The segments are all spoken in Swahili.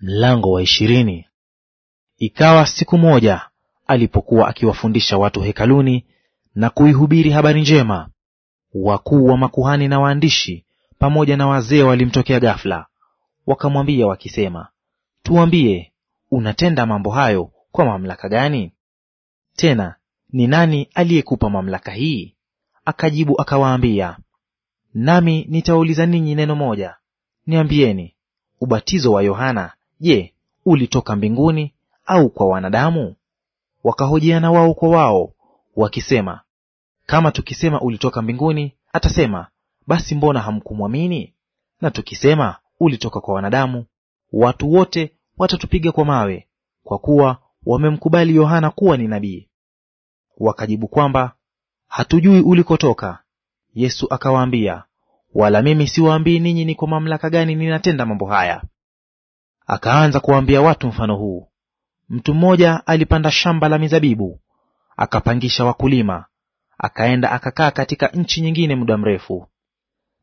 Mlango wa ishirini. Ikawa siku moja alipokuwa akiwafundisha watu hekaluni na kuihubiri habari njema, wakuu wa makuhani na waandishi pamoja na wazee walimtokea ghafla, wakamwambia wakisema, tuambie, unatenda mambo hayo kwa mamlaka gani? Tena ni nani aliyekupa mamlaka hii? Akajibu akawaambia, nami nitawauliza ninyi neno moja. Niambieni, ubatizo wa Yohana Je, ulitoka mbinguni au kwa wanadamu? Wakahojiana wao kwa wao wakisema, kama tukisema ulitoka mbinguni, atasema basi mbona hamkumwamini? Na tukisema ulitoka kwa wanadamu, watu wote watatupiga kwa mawe, kwa kuwa wamemkubali Yohana kuwa ni nabii. Wakajibu kwamba hatujui ulikotoka. Yesu akawaambia, wala mimi siwaambii ninyi ni kwa mamlaka gani ninatenda mambo haya. Akaanza kuwaambia watu mfano huu: mtu mmoja alipanda shamba la mizabibu, akapangisha wakulima, akaenda akakaa katika nchi nyingine muda mrefu.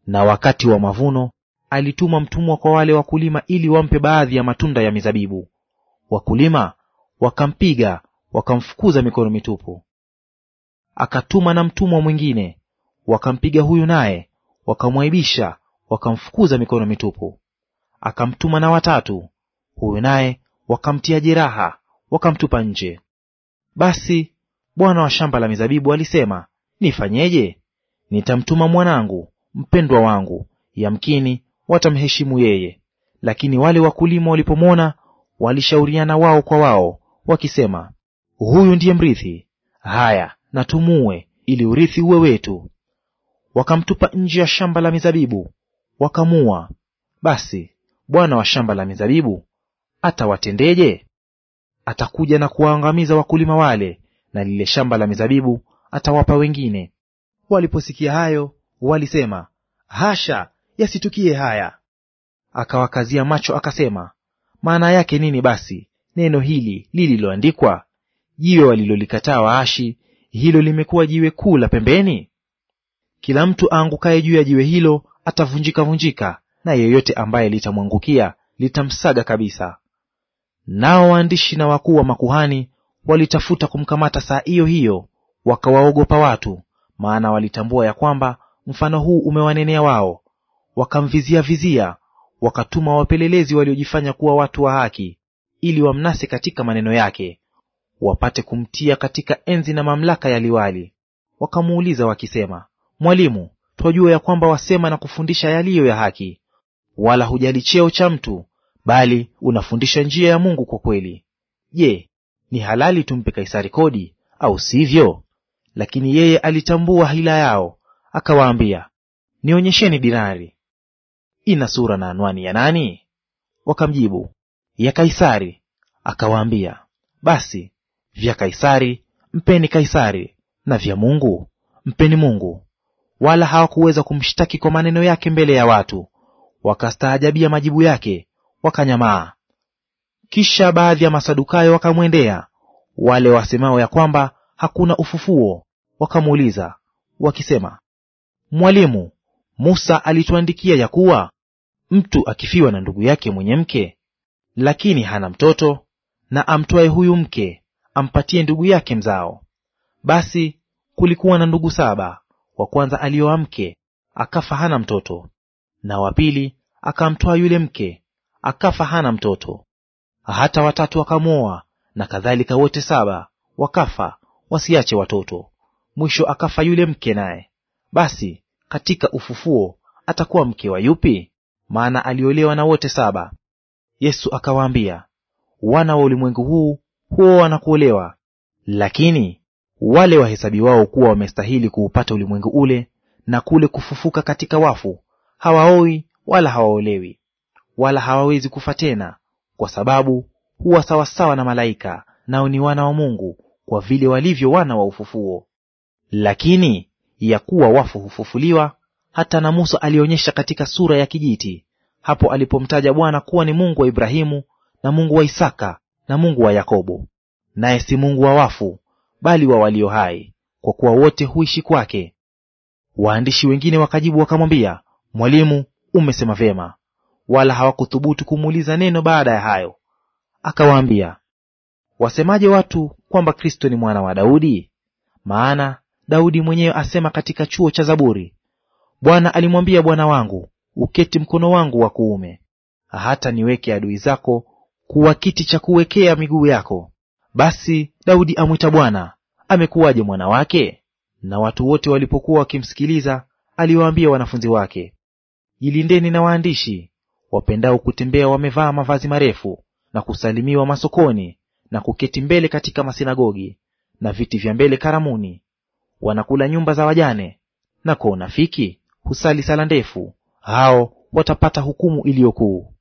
Na wakati wa mavuno alituma mtumwa kwa wale wakulima ili wampe baadhi ya matunda ya mizabibu. Wakulima wakampiga, wakamfukuza mikono mitupu. Akatuma na mtumwa mwingine, wakampiga huyu naye, wakamwaibisha, wakamfukuza mikono mitupu. Akamtuma na watatu, Huyu naye wakamtia jeraha, wakamtupa nje. Basi bwana wa shamba la mizabibu alisema, nifanyeje? Nitamtuma mwanangu mpendwa wangu, yamkini watamheshimu yeye. Lakini wale wakulima walipomwona, walishauriana wao kwa wao, wakisema, huyu ndiye mrithi. Haya, natumue ili urithi uwe wetu. Wakamtupa nje ya shamba la mizabibu wakamua. Basi bwana wa shamba la mizabibu atawatendeje? Atakuja na kuwaangamiza wakulima wale, na lile shamba la mizabibu atawapa wengine. Waliposikia hayo, walisema, hasha, yasitukie haya. Akawakazia macho akasema, maana yake nini basi neno hili lililoandikwa, jiwe walilolikataa waashi, hilo limekuwa jiwe kuu la pembeni? Kila mtu aangukaye juu ya jiwe hilo atavunjika vunjika, na yeyote ambaye litamwangukia litamsaga kabisa. Nao waandishi na wakuu wa makuhani walitafuta kumkamata saa iyo hiyo, wakawaogopa watu, maana walitambua ya kwamba mfano huu umewanenea wao. Wakamvizia vizia, wakatuma wapelelezi waliojifanya kuwa watu wa haki, ili wamnase katika maneno yake, wapate kumtia katika enzi na mamlaka ya liwali. Wakamuuliza wakisema, Mwalimu, twajua ya kwamba wasema na kufundisha yaliyo ya haki, wala hujali cheo cha mtu bali unafundisha njia ya Mungu kwa kweli. Je, ni halali tumpe Kaisari kodi au sivyo? Lakini yeye alitambua hila yao, akawaambia, nionyesheni dinari. Ina sura na anwani ya nani? Wakamjibu, ya Kaisari. Akawaambia, basi vya Kaisari mpeni Kaisari, na vya Mungu mpeni Mungu. Wala hawakuweza kumshtaki kwa maneno yake mbele ya watu, wakastaajabia majibu yake wakanyamaa. Kisha baadhi ya Masadukayo wakamwendea wale wasemao ya kwamba hakuna ufufuo, wakamuuliza wakisema, Mwalimu, Musa alituandikia ya kuwa mtu akifiwa na ndugu yake mwenye mke, lakini hana mtoto, na amtwaye huyu mke ampatie ndugu yake mzao. Basi kulikuwa na ndugu saba. Wa kwanza alioa mke akafa hana mtoto, na wa pili akamtwaa yule mke akafa hana mtoto. Hata watatu wakamwoa, na kadhalika wote saba wakafa wasiache watoto. Mwisho akafa yule mke naye. Basi katika ufufuo atakuwa mke wa yupi? Maana aliolewa na wote saba. Yesu akawaambia, wana wa ulimwengu huu huoa na kuolewa, lakini wale wahesabiwao kuwa wamestahili kuupata ulimwengu ule na kule kufufuka katika wafu hawaoi wala hawaolewi, wala hawawezi kufa tena, kwa sababu huwa sawasawa na malaika, nao ni wana wa Mungu, kwa vile walivyo wana wa ufufuo. Lakini ya kuwa wafu hufufuliwa, hata na Musa alionyesha katika sura ya kijiti, hapo alipomtaja Bwana kuwa ni Mungu wa Ibrahimu na Mungu wa Isaka na Mungu wa Yakobo. Naye si Mungu wa wafu, bali wa walio hai, kwa kuwa wote huishi kwake. Waandishi wengine wakajibu wakamwambia, Mwalimu, umesema vyema wala hawakuthubutu kumuuliza neno baada ya hayo. Akawaambia, wasemaje watu kwamba Kristo ni mwana wa Daudi? Maana Daudi mwenyewe asema katika chuo cha Zaburi, Bwana alimwambia Bwana wangu, uketi mkono wangu wa kuume, hata niweke adui zako kuwa kiti cha kuwekea miguu yako. Basi Daudi amwita Bwana, amekuwaje mwana wake? Na watu wote walipokuwa wakimsikiliza, aliwaambia wanafunzi wake, jilindeni na waandishi, wapendao kutembea wamevaa mavazi marefu na kusalimiwa masokoni na kuketi mbele katika masinagogi na viti vya mbele karamuni. Wanakula nyumba za wajane, na kwa unafiki husali sala ndefu; hao watapata hukumu iliyokuu